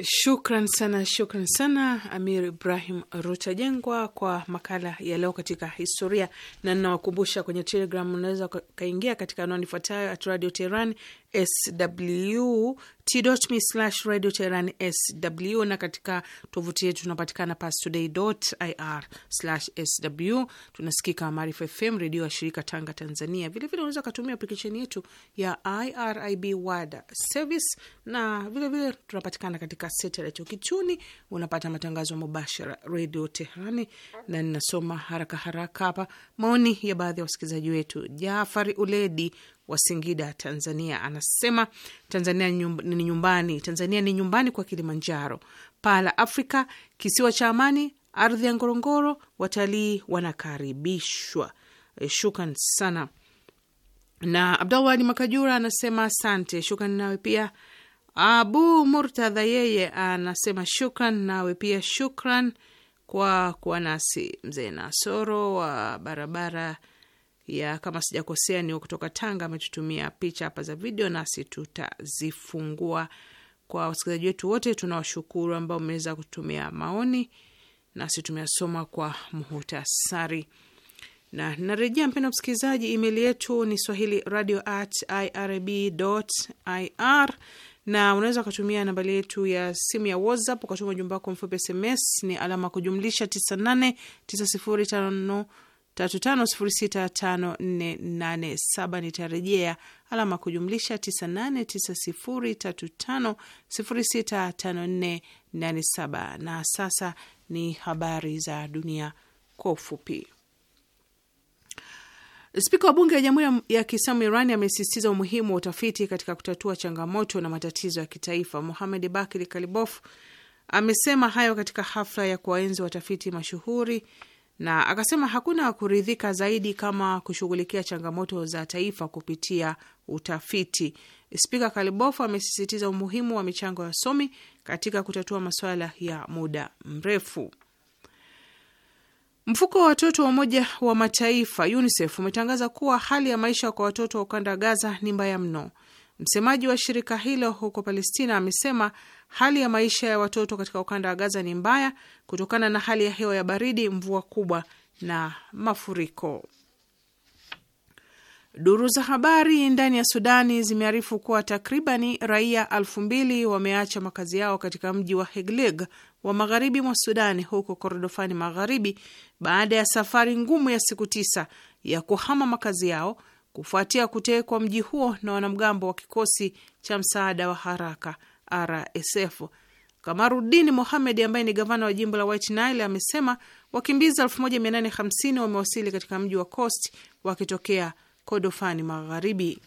Shukran sana, shukran sana Amir Ibrahim Rutajengwa kwa makala ya leo katika historia, na ninawakumbusha kwenye Telegram unaweza ukaingia katika anwani ifuatayo at Radio Teheran sw t.me slash radio sw na katika tovuti yetu tunapatikana pastoday.ir sw. Tunasikika Maarifa FM redio ya shirika Tanga, Tanzania. Vilevile unaweza ukatumia aplikesheni yetu ya IRIB wada service, na vilevile tunapatikana katika satelite. Ukichuni unapata matangazo mubashara redio Teherani. Na ninasoma haraka haraka hapa maoni ya baadhi ya wasikilizaji wetu. Jafari Uledi wa Singida, Tanzania, anasema Tanzania ni nyumbani, Tanzania ni nyumbani kwa Kilimanjaro, paa la Afrika, kisiwa cha amani, ardhi ya Ngorongoro, watalii wanakaribishwa. E, shukran sana. Na Abdallah Ali Makajura anasema asante. Shukran nawe pia. Abu Murtadha yeye anasema shukran nawe pia, shukran kwa kuwa nasi. Mzee Nasoro wa barabara ya kama sijakosea ni kutoka Tanga ametutumia picha hapa za video, nasi tutazifungua kwa wasikilizaji wetu wote. Tunawashukuru ambao mmeweza kutumia maoni, nasi tumeasoma kwa muhutasari na narejea, mpendo msikilizaji, email yetu ni swahili radio at irb ir, na unaweza ukatumia nambari yetu ya simu ya WhatsApp ukatuma ujumbe wako mfupi SMS ni alama kujumlisha 989055 35065487. Nitarejea alama kujumlisha 989035065487. Na sasa ni habari za dunia kwa ufupi. Spika wa bunge ya Jamhuri ya Kiislamu Iran amesisitiza umuhimu wa utafiti katika kutatua changamoto na matatizo ya kitaifa. muhamed Bakir Kalibof amesema hayo katika hafla ya kuwaenzi watafiti mashuhuri na akasema hakuna kuridhika zaidi kama kushughulikia changamoto za taifa kupitia utafiti. Spika kalibof amesisitiza umuhimu wa michango ya somi katika kutatua masuala ya muda mrefu. Mfuko wa watoto wa Umoja wa Mataifa UNICEF umetangaza kuwa hali ya maisha kwa watoto wa ukanda wa Gaza ni mbaya mno. Msemaji wa shirika hilo huko Palestina amesema hali ya maisha ya watoto katika ukanda wa Gaza ni mbaya kutokana na hali ya hewa ya baridi, mvua kubwa na mafuriko. Duru za habari ndani ya Sudani zimearifu kuwa takribani raia elfu mbili wameacha makazi yao katika mji wa Heglig wa magharibi mwa Sudani, huko Korodofani Magharibi, baada ya safari ngumu ya siku tisa ya kuhama makazi yao kufuatia kutekwa mji huo na wanamgambo wa kikosi cha msaada wa haraka RSF. Kamarudin Mohamed ambaye ni gavana wa jimbo la White Nile amesema wakimbizi 1850 wamewasili katika mji wa Coast wakitokea Kordofani Magharibi.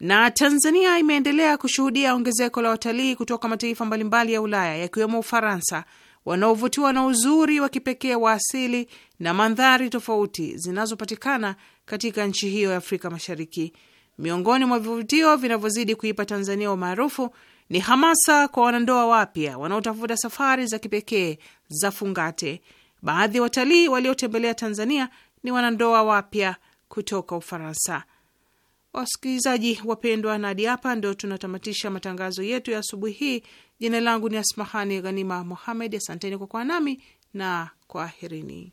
Na Tanzania imeendelea kushuhudia ongezeko la watalii kutoka mataifa mbalimbali ya Ulaya yakiwemo Ufaransa wanaovutiwa na uzuri wa kipekee wa asili na mandhari tofauti zinazopatikana katika nchi hiyo ya Afrika Mashariki. Miongoni mwa vivutio vinavyozidi kuipa Tanzania umaarufu ni hamasa kwa wanandoa wapya wanaotafuta safari za kipekee za fungate. Baadhi ya watalii waliotembelea Tanzania ni wanandoa wapya kutoka Ufaransa. Wasikilizaji wapendwa, na hadi hapa ndio tunatamatisha matangazo yetu ya asubuhi hii. Jina langu ni Asmahani Ghanima Muhamed, asanteni kwa kuwa nami na kwaherini.